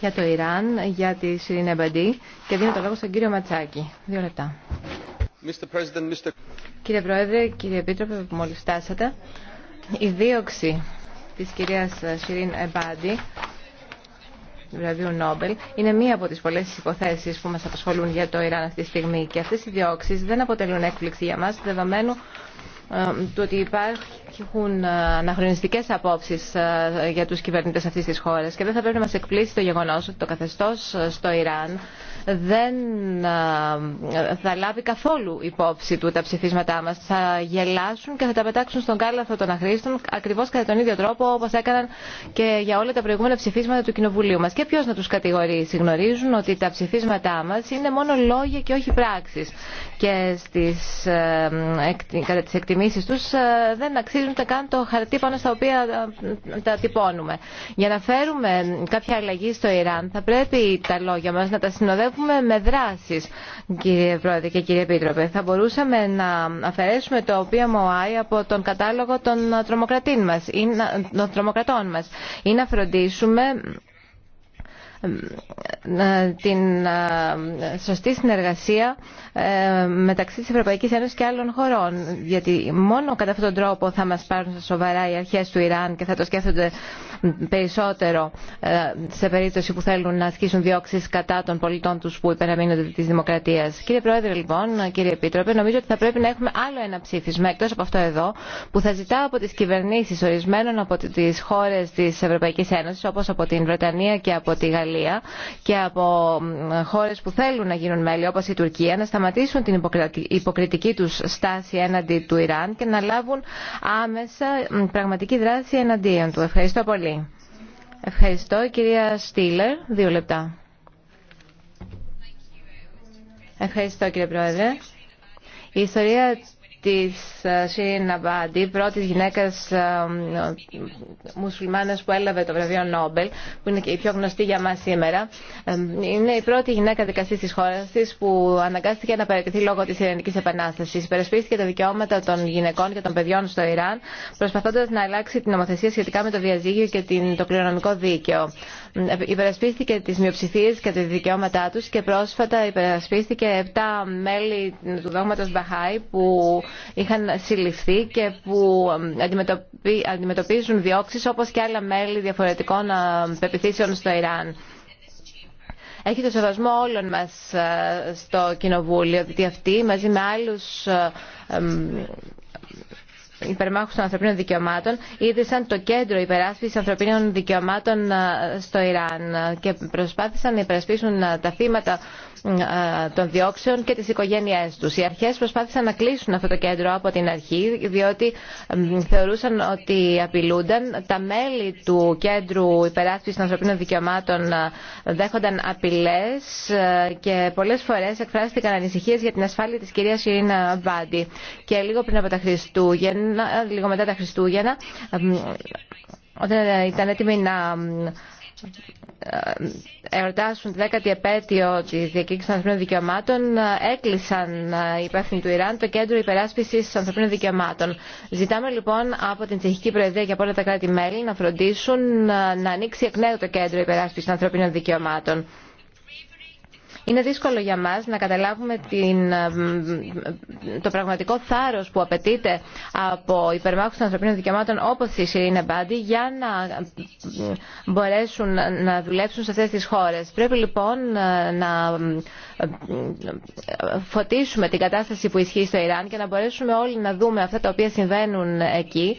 για το Ιράν, για τη Σιρήνα και δίνω το λόγο στον κύριο Ματσάκη. Δύο λεπτά. Κύριε Πρόεδρε, κύριε Επίτροπε που μόλις φτάσατε, η δίωξη της κυρίας Σιρήν Εμπάντη βραβείου Νόμπελ είναι μία από τις πολλές υποθέσεις που μας απασχολούν για το Ιράν αυτή τη στιγμή και αυτές οι διώξεις δεν αποτελούν έκπληξη για μας δεδομένου ε, του ότι υπάρχουν ε, αναχρονιστικές απόψεις ε, για τους κυβερνήτες αυτής της χώρας και δεν θα πρέπει να μας εκπλήσει το γεγονός ότι το καθεστώς στο Ιράν δεν θα λάβει καθόλου υπόψη του τα ψηφίσματά μας. Θα γελάσουν και θα τα πετάξουν στον κάλαθο των αχρήστων ακριβώς κατά τον ίδιο τρόπο όπως έκαναν και για όλα τα προηγούμενα ψηφίσματα του Κοινοβουλίου μας. Και ποιος να τους κατηγορήσει. Γνωρίζουν ότι τα ψηφίσματά μας είναι μόνο λόγια και όχι πράξεις. Και στις, ε, κατά τις εκτιμήσεις τους ε, δεν αξίζουν τα καν το χαρτί πάνω στα οποία ε, τα τυπώνουμε. Για να φέρουμε κάποια αλλαγή στο Ιράν θα πρέπει τα λόγια μας να τα συνοδεύουμε δουλεύουμε με δράσεις, κύριε Πρόεδρε και κύριε Επίτροπε. Θα μπορούσαμε να αφαιρέσουμε το οποίο PMOI από τον κατάλογο των, τρομοκρατών μας, ή των τρομοκρατών μας ή να φροντίσουμε την σωστή συνεργασία ε, μεταξύ της Ευρωπαϊκής Ένωσης και άλλων χωρών. Γιατί μόνο κατά αυτόν τον τρόπο θα μας πάρουν σοβαρά οι αρχές του Ιράν και θα το σκέφτονται περισσότερο ε, σε περίπτωση που θέλουν να ασκήσουν διώξεις κατά των πολιτών τους που υπεραμείνονται της δημοκρατίας. Κύριε Πρόεδρε λοιπόν, κύριε Επίτροπε, νομίζω ότι θα πρέπει να έχουμε άλλο ένα ψήφισμα εκτός από αυτό εδώ που θα ζητά από τις κυβερνήσεις ορισμένων από τις χώρες της Ευρωπαϊκής Ένωσης όπως από την Βρετανία και από τη Γαλλία και από χώρες που θέλουν να γίνουν μέλη όπως η Τουρκία να σταματήσουν την υποκριτική τους στάση έναντι του Ιράν και να λάβουν άμεσα πραγματική δράση εναντίον του. Ευχαριστώ πολύ. Ευχαριστώ. κυρία Στήλερ, δύο λεπτά. Ευχαριστώ κύριε Πρόεδρε. Η ιστορία της ε, Σίριν Αμπάντη, πρώτης γυναίκας ε, μουσουλμάνας που έλαβε το βραβείο Νόμπελ, που είναι και η πιο γνωστή για μας σήμερα. Ε, είναι η πρώτη γυναίκα δικαστή της χώρας της που αναγκάστηκε να παραιτηθεί λόγω της Ιρανικής Επανάστασης. Υπερασπίστηκε τα δικαιώματα των γυναικών και των παιδιών στο Ιράν, προσπαθώντας να αλλάξει την νομοθεσία σχετικά με το διαζύγιο και το κληρονομικό δίκαιο υπερασπίστηκε τις μειοψηφίες και τα δικαιώματά τους και πρόσφατα υπερασπίστηκε 7 μέλη του δόγματος Μπαχάη που είχαν συλληφθεί και που αντιμετωπίζουν διώξεις όπως και άλλα μέλη διαφορετικών ε, πεπιθήσεων στο Ιράν. Έχει το σεβασμό όλων μας ε, στο Κοινοβούλιο, διότι αυτοί μαζί με άλλους ε, Υπερμάχου των ανθρωπίνων δικαιωμάτων ίδρυσαν το κέντρο υπεράσπισης ανθρωπίνων δικαιωμάτων ε, στο Ιράν και προσπάθησαν να υπερασπίσουν ε, τα θύματα ε, των διώξεων και τις οικογένειές τους. Οι αρχές προσπάθησαν να κλείσουν αυτό το κέντρο από την αρχή διότι θεωρούσαν ότι απειλούνταν. Τα μέλη του κέντρου υπεράσπισης των ανθρωπίνων δικαιωμάτων δέχονταν απειλές και πολλές φορές εκφράστηκαν ανησυχίες για την ασφάλεια της κυρίας Ιρίνα Μπάντι. Και λίγο πριν από τα Χριστούγεννα λίγο μετά τα Χριστούγεννα, όταν ε, ήταν έτοιμοι να ε, εορτάσουν τη δέκατη επέτειο τη διακήρυξη των ανθρωπίνων δικαιωμάτων, ε, έκλεισαν οι υπεύθυνοι του Ιράν το κέντρο υπεράσπιση των ανθρωπίνων δικαιωμάτων. Ζητάμε λοιπόν από την Τσεχική Προεδρία και από όλα τα κράτη-μέλη να φροντίσουν να ανοίξει εκ νέου το κέντρο υπεράσπιση των ανθρωπίνων δικαιωμάτων. Είναι δύσκολο για μας να καταλάβουμε την, το πραγματικό θάρρος που απαιτείται από υπερμάχους των ανθρωπίνων δικαιωμάτων όπως η Σιρήνε Μπάντι για να μπορέσουν να δουλέψουν σε αυτές τις χώρες. Πρέπει λοιπόν να φωτίσουμε την κατάσταση που ισχύει στο Ιράν και να μπορέσουμε όλοι να δούμε αυτά τα οποία συμβαίνουν εκεί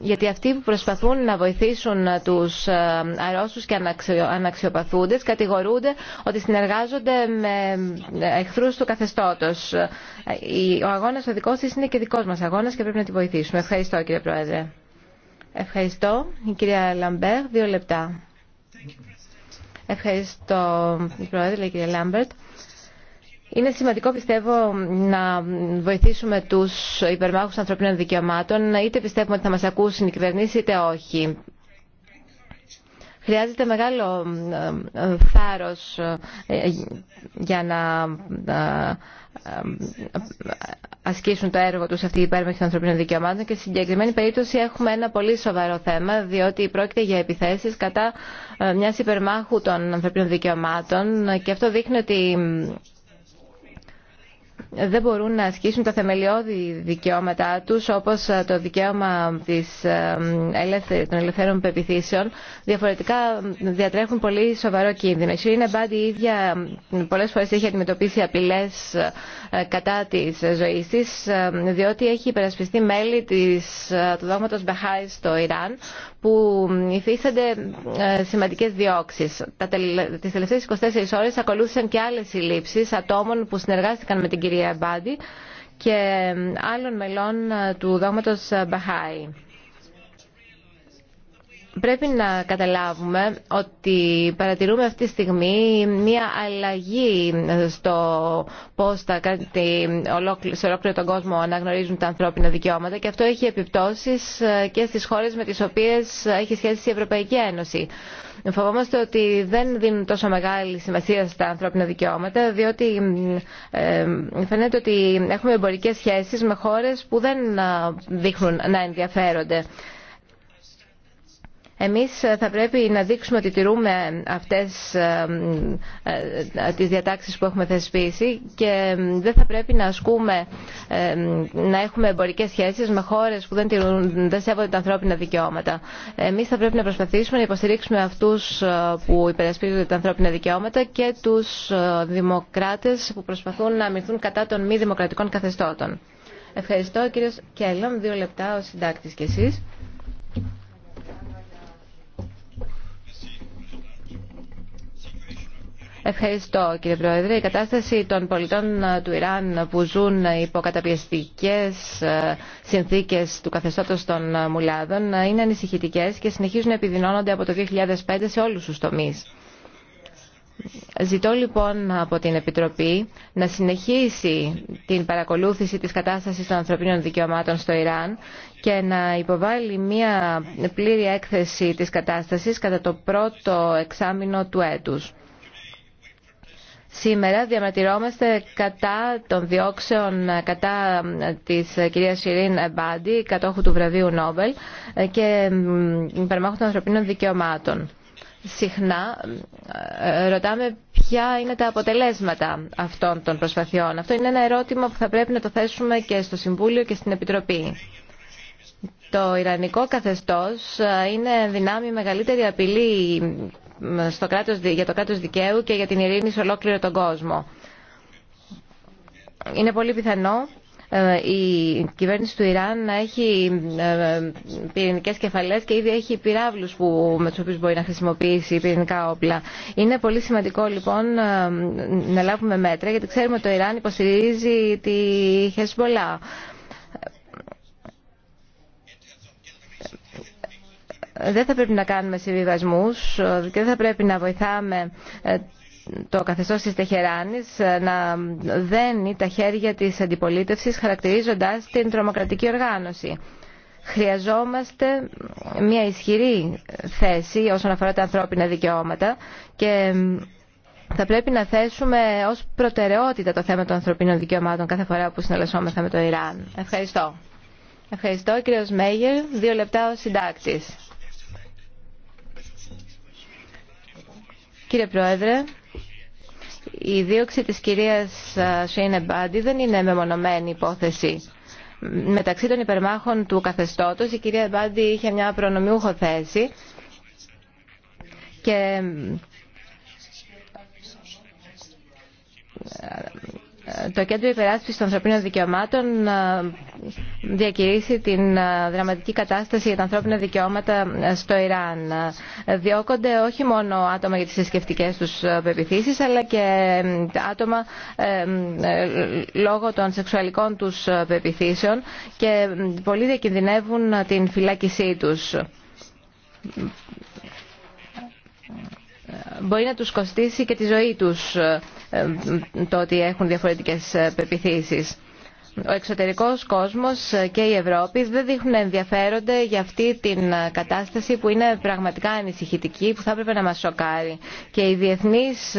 γιατί αυτοί που προσπαθούν να βοηθήσουν ε, τους ε, αρρώσους και αναξιοπαθούντες κατηγορούνται ότι συνεργάζονται με ε, εχθρούς του καθεστώτος. Ο αγώνας ο δικός της είναι και δικός μας αγώνας και πρέπει να τη βοηθήσουμε. Ευχαριστώ κύριε Πρόεδρε. Ευχαριστώ. Η κυρία Λαμπέρ, δύο λεπτά. Ευχαριστώ, Πρόεδρε, κύριε Λάμπερτ. Είναι σημαντικό, πιστεύω, να βοηθήσουμε του υπερμάχου ανθρωπίνων δικαιωμάτων, είτε πιστεύουμε ότι θα μα ακούσουν οι κυβερνήσει, είτε όχι. Χρειάζεται μεγάλο ε, ε, θάρρο ε, για να ασκήσουν το έργο τους αυτοί οι υπέρμαχοι των ανθρωπίνων δικαιωμάτων και στη συγκεκριμένη περίπτωση έχουμε ένα πολύ σοβαρό θέμα διότι πρόκειται για επιθέσει κατά μια υπερμάχου των ανθρωπίνων δικαιωμάτων και αυτό δείχνει ότι δεν μπορούν να ασκήσουν τα θεμελιώδη δικαιώματά τους όπως ε, το δικαίωμα της, ε, των ελευθέρων πεπιθήσεων διαφορετικά διατρέχουν πολύ σοβαρό κίνδυνο. Η Σιρήνα Μπάντι ίδια πολλές φορές έχει αντιμετωπίσει απειλές ε, κατά της ζωής της διότι έχει υπερασπιστεί μέλη της, του δόγματος Μπεχάη στο Ιράν που υφίστανται σημαντικές διώξεις. Τις τελευταίες 24 ώρες ακολούθησαν και άλλες συλλήψεις ατόμων που συνεργάστηκαν με την κυρία κυρία και άλλων μελών του δόγματος Μπαχάη. Πρέπει να καταλάβουμε ότι παρατηρούμε αυτή τη στιγμή μια αλλαγή στο πώ τα κράτη σε ολόκληρο τον κόσμο αναγνωρίζουν τα ανθρώπινα δικαιώματα και αυτό έχει επιπτώσεις ε, και στις χώρες με τις οποίες έχει σχέση η Ευρωπαϊκή Ένωση. Φοβόμαστε ότι δεν δίνουν τόσο μεγάλη σημασία στα ανθρώπινα δικαιώματα, διότι ε, φαίνεται ότι έχουμε εμπορικέ σχέσει με χώρε που δεν ε, δείχνουν να ενδιαφέρονται. Εμείς ε, θα πρέπει να δείξουμε ότι τηρούμε αυτές ε, ε, τις διατάξεις που έχουμε θεσπίσει και δεν θα πρέπει να ασκούμε, να έχουμε εμπορικέ σχέσεις με χώρες που δεν, τηρούν, δεν σέβονται τα ανθρώπινα δικαιώματα. Εμείς θα πρέπει να προσπαθήσουμε να υποστηρίξουμε αυτούς που υπερασπίζονται τα ανθρώπινα δικαιώματα και τους δημοκράτες που προσπαθούν να αμυνθούν κατά των μη δημοκρατικών καθεστώτων. Ευχαριστώ κύριε Κέλλον. δύο λεπτά ο συντάκτης και εσείς. Ευχαριστώ κύριε Πρόεδρε. Η κατάσταση των πολιτών ε, του Ιράν που ζουν υπό καταπιεστικές ε, συνθήκες του καθεστώτος των ε, μουλάδων είναι ανησυχητικές και συνεχίζουν να επιδεινώνονται από το 2005 σε όλους τους τομείς. Ζητώ λοιπόν από την Επιτροπή να συνεχίσει την παρακολούθηση της κατάστασης των ανθρωπίνων δικαιωμάτων στο Ιράν και να υποβάλει μια πλήρη έκθεση της κατάστασης κατά το πρώτο εξάμεινο του έτους. Σήμερα διαμαρτυρόμαστε κατά των διώξεων κατά της κυρία Σιρίν Μπάντι, κατόχου του βραβείου Νόμπελ και υπερμάχου των ανθρωπίνων δικαιωμάτων. Συχνά ε, ρωτάμε ποια είναι τα αποτελέσματα αυτών των προσπαθειών. Αυτό είναι ένα ερώτημα που θα πρέπει να το θέσουμε και στο Συμβούλιο και στην Επιτροπή. Το Ιρανικό καθεστώς ε, είναι δυνάμει μεγαλύτερη απειλή για το κράτος δικαίου και για την ειρήνη σε ολόκληρο τον κόσμο. Είναι πολύ πιθανό ε, η κυβέρνηση του Ιράν να έχει ε, πυρηνικέ κεφαλέ και ήδη έχει πυράβλους με του οποίου μπορεί να χρησιμοποιήσει πυρηνικά όπλα. Είναι πολύ σημαντικό λοιπόν ε, να λάβουμε μέτρα γιατί ξέρουμε ότι το Ιράν υποστηρίζει τη Χεσμολά. δεν θα πρέπει να κάνουμε συμβιβασμού και δεν θα πρέπει να βοηθάμε ε, το καθεστώ τη, Τεχεράνης ε, να δένει τα χέρια τη αντιπολίτευση χαρακτηρίζοντα την τρομοκρατική οργάνωση. Χρειαζόμαστε μια ισχυρή θέση όσον αφορά τα ανθρώπινα δικαιώματα και θα πρέπει να θέσουμε ως προτεραιότητα το θέμα των ανθρωπίνων δικαιωμάτων κάθε φορά που συνελασσόμεθα με το Ιράν. Ευχαριστώ. Ευχαριστώ κύριος Μέγερ. Δύο λεπτά ο συντάκτης. Κύριε Πρόεδρε, η δίωξη της κυρίας Σέιν Μπάντι δεν είναι μεμονωμένη υπόθεση. Μεταξύ των υπερμάχων του καθεστώτος η κυρία Εμπάντι είχε μια προνομιούχο θέση και το Κέντρο Υπεράσπιση των Ανθρωπίνων Δικαιωμάτων ε, διακηρύσει την ε, δραματική κατάσταση για τα ανθρώπινα δικαιώματα ε, στο Ιράν. Διώκονται όχι μόνο άτομα για τις θρησκευτικέ τους πεπιθήσεις, αλλά και άτομα λόγω των σεξουαλικών τους πεπιθήσεων και πολλοί διακινδυνεύουν την φυλάκισή τους μπορεί να τους κοστίσει και τη ζωή τους ε, το ότι έχουν διαφορετικές ε, πεπιθήσεις. Ο εξωτερικός κόσμος ε, και η Ευρώπη δεν δείχνουν να ενδιαφέρονται για αυτή την κατάσταση που είναι πραγματικά ανησυχητική, που θα έπρεπε να μας σοκάρει. Και οι διεθνείς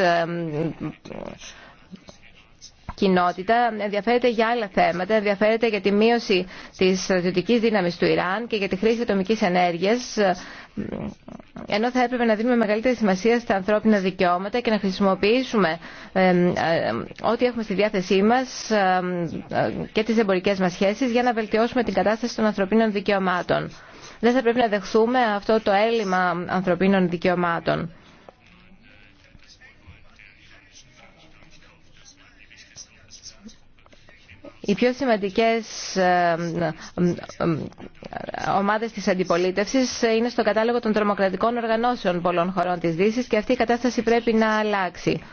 κοινότητα ενδιαφέρεται για άλλα θέματα, ενδιαφέρεται για τη μείωση τη στρατιωτική δύναμη του Ιράν και για τη χρήση ατομική ενέργεια, ενώ θα έπρεπε να δίνουμε μεγαλύτερη σημασία στα ανθρώπινα δικαιώματα και να χρησιμοποιήσουμε ε, ε, ό,τι έχουμε στη διάθεσή μας ε, και τι εμπορικέ μα σχέσει, για να βελτιώσουμε την κατάσταση των ανθρωπίνων δικαιωμάτων. Δεν θα πρέπει να δεχθούμε αυτό το έλλειμμα ανθρωπίνων δικαιωμάτων. Οι πιο σημαντικές ομάδες της αντιπολίτευσης είναι στο κατάλογο των τρομοκρατικών οργανώσεων πολλών χωρών της Δύσης και αυτή η κατάσταση πρέπει να αλλάξει.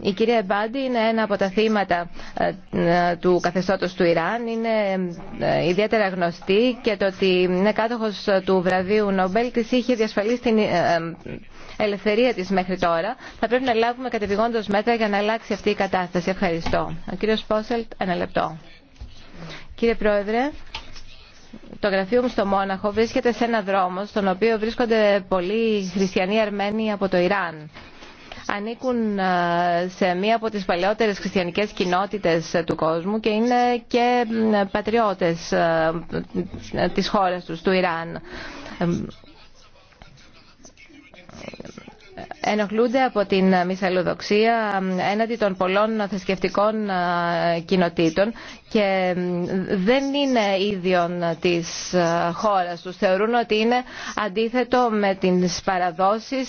Η κυρία Μπάντι είναι ένα από τα θύματα του καθεστώτος του Ιράν είναι ε, ιδιαίτερα γνωστή και το ότι είναι κάτοχος του βραβείου Νομπέλ της είχε διασφαλίσει την ε, ε, ελευθερία της μέχρι τώρα. Θα πρέπει να λάβουμε κατεβηγόντως μέτρα για να αλλάξει αυτή η κατάσταση. Ευχαριστώ. Ο κύριος Πόσελτ, ένα λεπτό. Κύριε Πρόεδρε, το γραφείο μου στο Μόναχο βρίσκεται σε ένα δρόμο στον οποίο βρίσκονται πολλοί χριστιανοί Αρμένοι από το Ιράν ανήκουν ε, σε μία από τις παλαιότερες χριστιανικές κοινότητες ε, του κόσμου και είναι και ε, πατριώτες της χώρας τους, του Ιράν ενοχλούνται από την μυθαλλοδοξία έναντι των πολλών θρησκευτικών κοινοτήτων και δεν είναι ίδιον της χώρας τους. Θεωρούν ότι είναι αντίθετο με τις παραδόσεις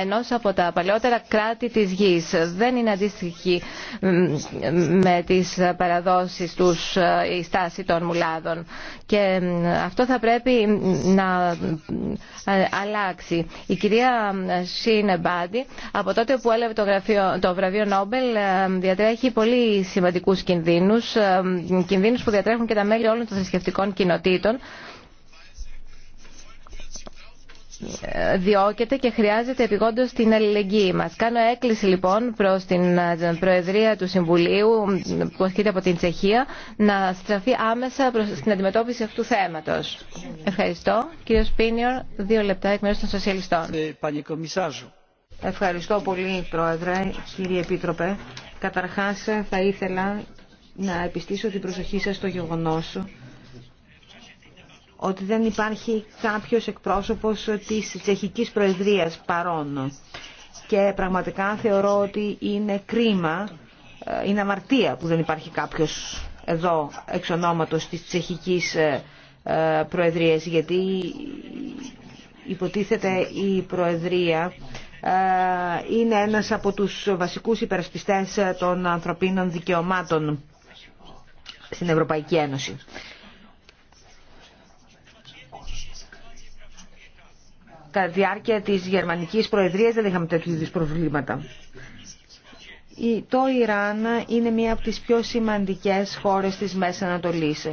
ενός από τα παλαιότερα κράτη της γης. Δεν είναι αντίστοιχη με τις παραδόσεις τους η στάση των μουλάδων. Και αυτό θα πρέπει να αλλάξει. Η κυρία Σινεμπάντι από τότε που έλαβε το, γραφείο, το βραβείο Νόμπελ ε, διατρέχει πολύ σημαντικού κινδύνους, ε, κινδύνου που διατρέχουν και τα μέλη όλων των θρησκευτικών κοινοτήτων διώκεται και χρειάζεται επιγόντως την αλληλεγγύη μας. Κάνω έκκληση λοιπόν προς την ε, Προεδρία του Συμβουλίου που ασκείται από την Τσεχία να στραφεί άμεσα προς την αντιμετώπιση αυτού του θέματος. Ευχαριστώ. Κύριο Σπίνιορ, δύο λεπτά εκ μέρους των Σοσιαλιστών. Ε, Ευχαριστώ πολύ Πρόεδρε, κύριε Επίτροπε. Καταρχάς θα ήθελα να επιστήσω την προσοχή σας στο γεγονός ότι δεν υπάρχει κάποιος εκπρόσωπος της τσεχικής προεδρίας παρόν. Και πραγματικά θεωρώ ότι είναι κρίμα, ε, είναι αμαρτία που δεν υπάρχει κάποιος εδώ εξ της τσεχικής ε, ε, προεδρίας, γιατί υποτίθεται η προεδρία είναι ένας από τους βασικούς υπερασπιστές των ανθρωπίνων δικαιωμάτων στην Ευρωπαϊκή Ένωση. κατά διάρκεια της γερμανικής προεδρίας δεν είχαμε τέτοιου είδους προβλήματα. Το Ιράν είναι μία από τις πιο σημαντικές χώρες της Μέσης Ανατολής.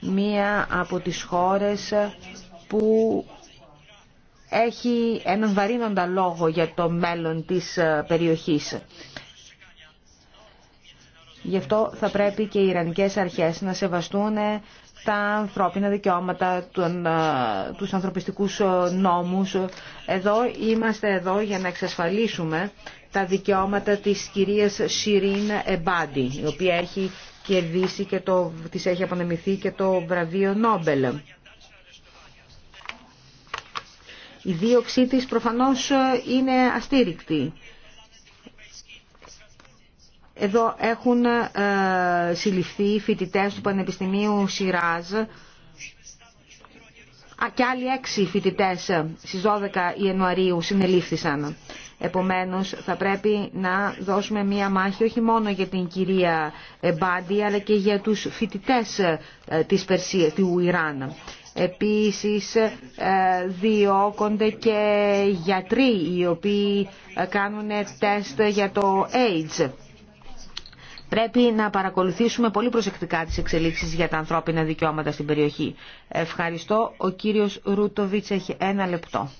Μία από τις χώρες που έχει έναν βαρύνοντα λόγο για το μέλλον της ε, περιοχής. Γι' αυτό θα πρέπει και οι Ιρανικές αρχές να σεβαστούν ε, τα ανθρώπινα δικαιώματα, ε, τους ανθρωπιστικούς ε, νόμους. Εδώ είμαστε εδώ για να εξασφαλίσουμε τα δικαιώματα της κυρίας Σιρίν Εμπάντη, η οποία έχει κερδίσει και το, της έχει απονεμηθεί και το βραβείο Νόμπελ. Η δίωξή της προφανώς ε, είναι αστήρικτη εδώ έχουν ε, συλληφθεί φοιτητές του Πανεπιστημίου Σιράζ και άλλοι έξι φοιτητές ε, στις 12 Ιανουαρίου συνελήφθησαν. Επομένως θα πρέπει να δώσουμε μία μάχη όχι μόνο για την κυρία Μπάντι αλλά και για τους φοιτητές ε, της Περσίας, του Ιράν. Επίσης διώκονται και γιατροί οι οποίοι κάνουν τεστ για το AIDS. Πρέπει να παρακολουθήσουμε πολύ προσεκτικά τις εξελίξεις για τα ανθρώπινα δικαιώματα στην περιοχή. Ευχαριστώ. Ο κύριος Ρούτοβιτς έχει ένα λεπτό.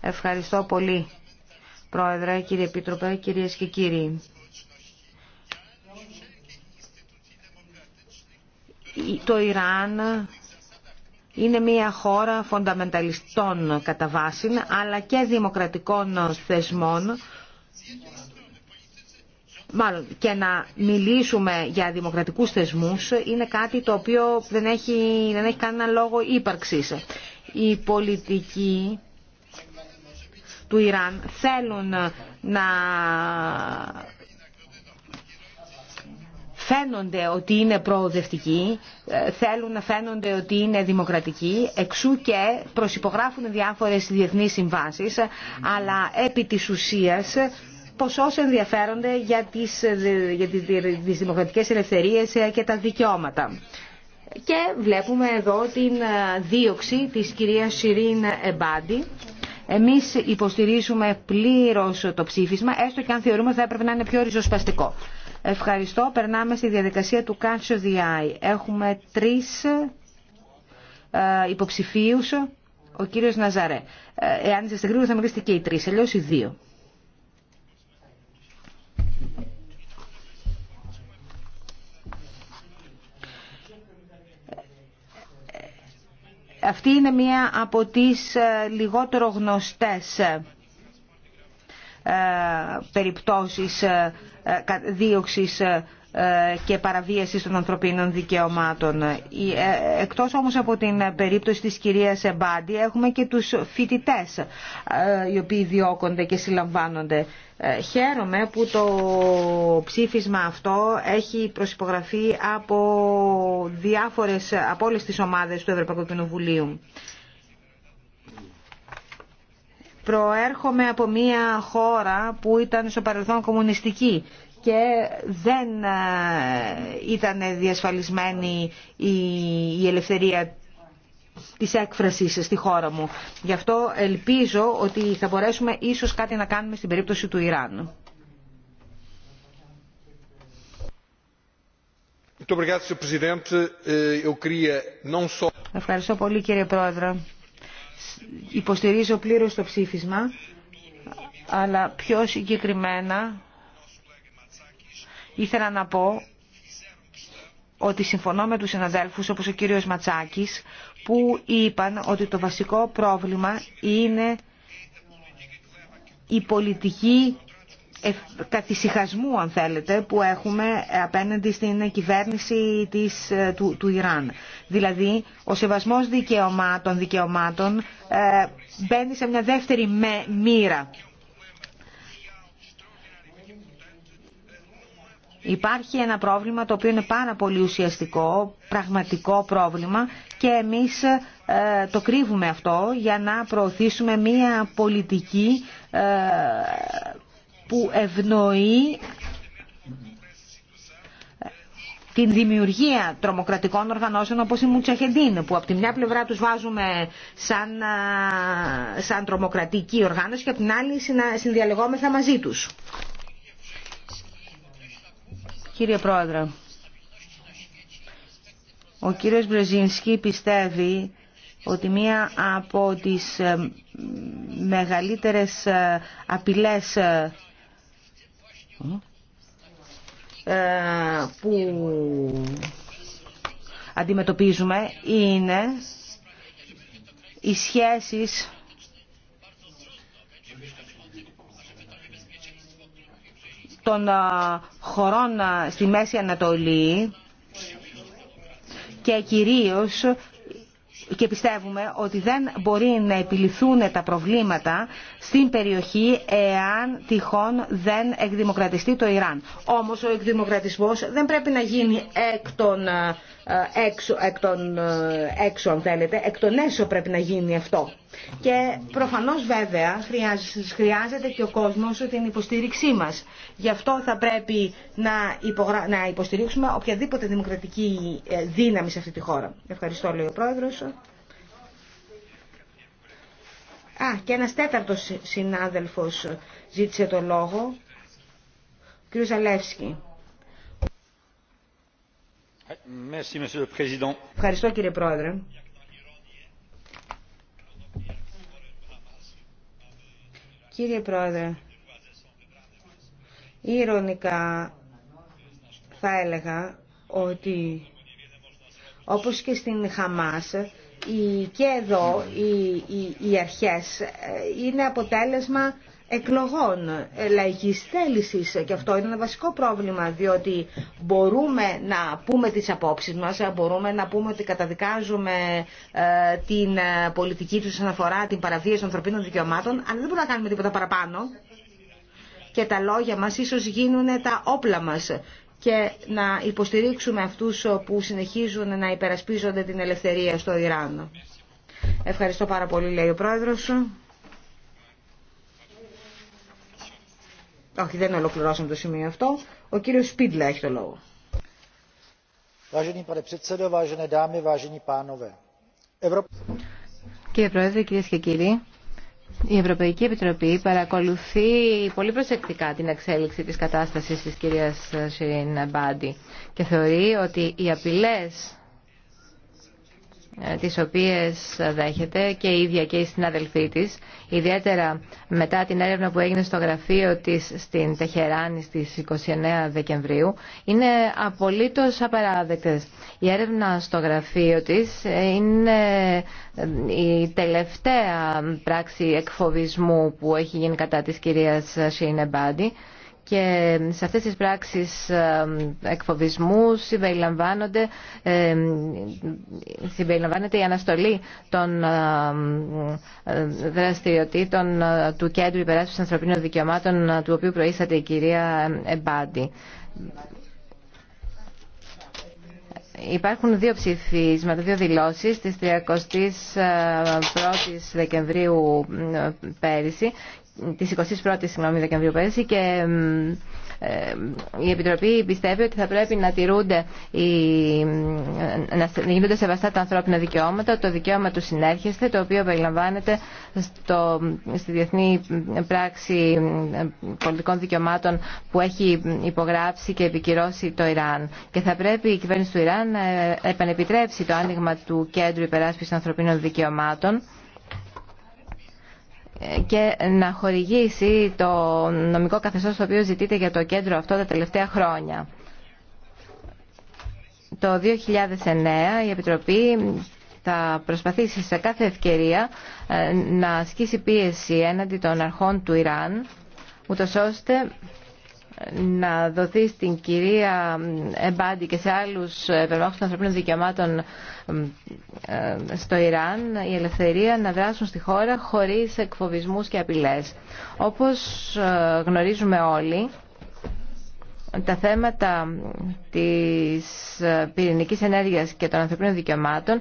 Ευχαριστώ πολύ, Πρόεδρε, κύριε Επίτροπε, κυρίες και κύριοι. Το Ιράν είναι μια χώρα φονταμενταλιστών κατά βάση, αλλά και δημοκρατικών θεσμών μάλλον και να μιλήσουμε για δημοκρατικούς θεσμούς είναι κάτι το οποίο δεν έχει, δεν έχει κανένα λόγο ύπαρξης. Η πολιτικοί του Ιράν θέλουν να φαίνονται ότι είναι προοδευτικοί, θέλουν να φαίνονται ότι είναι δημοκρατικοί, εξού και προσυπογράφουν διάφορες διεθνείς συμβάσεις, αλλά επί της ουσίας πω όσοι ενδιαφέρονται για τις, για τις δημοκρατικές ελευθερίες και τα δικαιώματα. Και βλέπουμε εδώ την ε, δίωξη της κυρίας Σιρίν Εμπάντη. Εμείς υποστηρίζουμε πλήρως το ψήφισμα, έστω και αν θεωρούμε θα έπρεπε να είναι πιο ριζοσπαστικό. Ευχαριστώ. Περνάμε στη διαδικασία του Catch the Έχουμε τρεις ε, υποψηφίους. Ο κύριος Ναζαρέ. Ε, εάν είστε γρήγοροι θα μιλήσετε και οι τρεις, αλλιώς οι δύο. Αυτή είναι μία από τις ε, λιγότερο γνωστές ε, ε, περιπτώσεις δίωξης και παραβίαση των ανθρωπίνων δικαιωμάτων. Εκτός όμως από την περίπτωση της κυρίας Εμπάντη έχουμε και τους φοιτητές οι οποίοι διώκονται και συλλαμβάνονται. Ε, χαίρομαι που το ψήφισμα αυτό έχει προσυπογραφεί από διάφορες, από όλες τις ομάδες του Ευρωπαϊκού Κοινοβουλίου. Προέρχομαι από μια χώρα που ήταν στο παρελθόν κομμουνιστική και δεν ε, ήταν διασφαλισμένη η ελευθερία της έκφρασης στη χώρα μου. Γι' αυτό ελπίζω ότι θα μπορέσουμε ίσως κάτι να κάνουμε στην περίπτωση του Ιράν. Eh, Ευχαριστώ πολύ κύριε Πρόεδρε. Υποστηρίζω πλήρω το ψήφισμα, αλλά πιο συγκεκριμένα ήθελα να πω ότι συμφωνώ με τους συναδέλφους όπως ο κύριος Ματσάκης που είπαν ότι το βασικό πρόβλημα είναι η πολιτική καθησυχασμού αν θέλετε που έχουμε απέναντι στην κυβέρνηση της, ε, του, του Ιράν. Δηλαδή ο σεβασμός δικαιωμάτων, δικαιωμάτων ε, μπαίνει σε μια δεύτερη με, μοίρα. Υπάρχει ένα πρόβλημα το οποίο είναι πάρα πολύ ουσιαστικό, πραγματικό πρόβλημα και εμείς ε, το κρύβουμε αυτό για να προωθήσουμε μία πολιτική ε, που ευνοεί ε, την δημιουργία τρομοκρατικών οργανώσεων όπως η Μουτσαχεντίν που από τη μια πλευρά τους βάζουμε σαν, σαν τρομοκρατική οργάνωση και από την άλλη συνδιαλεγόμεθα μαζί τους. Κύριε Πρόεδρε, ο κύριος Μπρεζίνσκι πιστεύει ότι μία από τις ε, μεγαλύτερες ε, απειλές ε, που αντιμετωπίζουμε είναι οι σχέσεις των χωρών στη Μέση Ανατολή και κυρίως και πιστεύουμε ότι δεν μπορεί να επιληθούν τα προβλήματα στην περιοχή εάν τυχόν δεν εκδημοκρατιστεί το Ιράν. Όμως ο εκδημοκρατισμός δεν πρέπει να γίνει εκ των ε, έξω, εκ ε, έξω αν θέλετε, εκ των έσω πρέπει να γίνει αυτό. Και προφανώς βέβαια χρειάζεται και ο κόσμος την υποστήριξή μας. Γι' αυτό θα πρέπει να, να υποστηρίξουμε οποιαδήποτε δημοκρατική ε, δύναμη σε αυτή τη χώρα. Ευχαριστώ λέει ο Πρόεδρος. Α, και ένας τέταρτος συνάδελφος ζήτησε το λόγο. Ο κ. Ζαλεύσκη. Ευχαριστώ κύριε Πρόεδρε. Κύριε Πρόεδρε, ηρωνικά θα έλεγα ότι όπως και στην Χαμάς η, και εδώ οι, οι, αρχές ε, είναι αποτέλεσμα εκλογών, ε, λαϊκής θέλησης και αυτό είναι ένα βασικό πρόβλημα διότι μπορούμε να πούμε τις απόψεις μας, ε, μπορούμε να πούμε ότι καταδικάζουμε την πολιτική τους συναφορά, την παραβίαση των ανθρωπίνων δικαιωμάτων αλλά δεν μπορούμε να κάνουμε τίποτα παραπάνω και τα λόγια μας ίσως γίνουν τα όπλα μας και να υποστηρίξουμε αυτούς που συνεχίζουν να υπερασπίζονται την ελευθερία στο Ιράν. Ευχαριστώ πάρα πολύ, λέει ο Πρόεδρος. Όχι, δεν ολοκληρώσαμε το σημείο αυτό. Ο κύριος Σπίτλα έχει το λόγο. Κύριε Πρόεδρε, κυρίες και κύριοι, η Ευρωπαϊκή Επιτροπή παρακολουθεί πολύ προσεκτικά την εξέλιξη της κατάστασης της κυρίας Σιρήν Μπάντι και θεωρεί ότι οι απειλές ε, τις οποίες δέχεται και η ίδια και η συναδελφή της, ιδιαίτερα μετά την έρευνα που έγινε στο γραφείο της στην Τεχεράνη στις 29 Δεκεμβρίου, είναι απολύτως απαράδεκτες. Η έρευνα στο γραφείο της ε, είναι ε, η τελευταία πράξη εκφοβισμού που έχει γίνει κατά της κυρίας Σινεμπάντη και σε αυτές τις πράξεις εκφοβισμού συμπεριλαμβάνονται, συμπεριλαμβάνεται η αναστολή των δραστηριοτήτων ε, του Κέντρου Υπεράσπισης Ανθρωπίνων Δικαιωμάτων ε, του οποίου προήσατε η κυρία Εμπάντη. Υπάρχουν δύο ψηφίσματα, δύο δηλώσεις της 31ης ε, Δεκεμβρίου πέρυσι της 21ης συγγνώμη, Δεκεμβρίου πέρσι και ε, η Επιτροπή πιστεύει ότι θα πρέπει να τηρούνται να γίνονται σεβαστά τα ανθρώπινα δικαιώματα, το δικαίωμα του συνέρχεστε, το οποίο περιλαμβάνεται στη Διεθνή Πράξη Πολιτικών Δικαιωμάτων που έχει υπογράψει και επικυρώσει το Ιράν. Και θα πρέπει η κυβέρνηση του Ιράν να ε, επανεπιτρέψει το άνοιγμα του Κέντρου Υπεράσπισης Ανθρωπίνων Δικαιωμάτων και να χορηγήσει το νομικό καθεστώς το οποίο ζητείται για το κέντρο αυτό τα τελευταία χρόνια. Το 2009 η Επιτροπή θα προσπαθήσει σε κάθε ευκαιρία ε, να ασκήσει πίεση έναντι των αρχών του Ιράν, ούτως ώστε να δοθεί στην κυρία Εμπάντη και σε άλλους επεμβάχους των ανθρωπίνων δικαιωμάτων ε, στο Ιράν η ελευθερία να δράσουν στη χώρα χωρίς εκφοβισμούς και απειλές. Όπως ε, γνωρίζουμε όλοι, τα θέματα της ε, πυρηνικής ενέργειας και των ανθρωπίνων δικαιωμάτων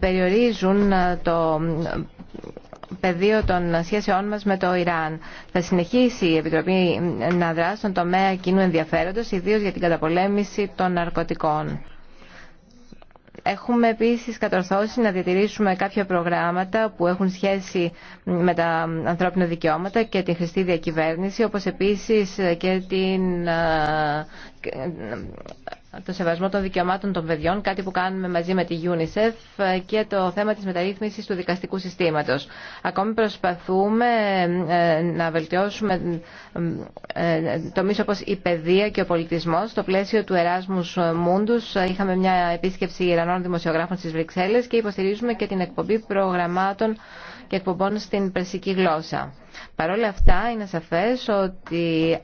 περιορίζουν το πεδίο των σχέσεών μας με το Ιράν. Θα συνεχίσει η Επιτροπή να δράσει στον τομέα κοινού ενδιαφέροντος, ιδίως για την καταπολέμηση των ναρκωτικών. Έχουμε επίσης κατορθώσει να διατηρήσουμε κάποια προγράμματα που έχουν σχέση με τα ανθρώπινα δικαιώματα και την χρηστή διακυβέρνηση, όπως επίσης και την ε, το σεβασμό των δικαιωμάτων των παιδιών, κάτι που κάνουμε μαζί με τη UNICEF ε, και το θέμα της μεταρρύθμισης του δικαστικού συστήματος. Ακόμη προσπαθούμε ε, να βελτιώσουμε ε, τομείς όπως η παιδεία και ο πολιτισμός. Στο πλαίσιο του Εράσμους Μούντους είχαμε μια επίσκεψη Ιρανών δημοσιογράφων στις Βρυξέλλες και υποστηρίζουμε και την εκπομπή προγραμμάτων και εκπομπών στην περσική γλώσσα. Παρ' όλα αυτά είναι σαφές ότι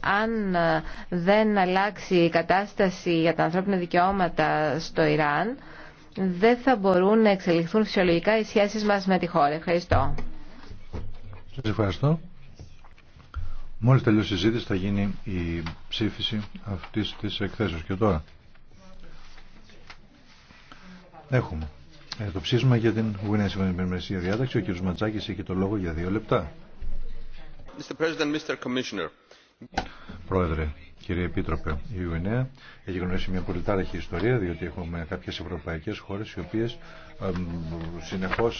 αν ε, δεν αλλάξει η κατάσταση για τα ανθρώπινα δικαιώματα στο Ιράν, δεν θα μπορούν να εξελιχθούν φυσιολογικά οι σχέσεις μας με τη χώρα. Ευχαριστώ. Σας ευχαριστώ. Μόλις τελειώσει η συζήτηση θα γίνει η ψήφιση αυτής της εκθέσεως. Και τώρα έχουμε ε, το ψήσμα για την Γουινέα Συμφωνία Διάταξη. Ο κ. Ματσάκης έχει το λόγο για δύο λεπτά. Mr. President, Mr. Commissioner. Πρόεδρε, κύριε Επίτροπε, η Ιουνέα έχει γνωρίσει μια πολύ ιστορία, διότι έχουμε κάποιες ευρωπαϊκές χώρες οι οποίες συνεχώς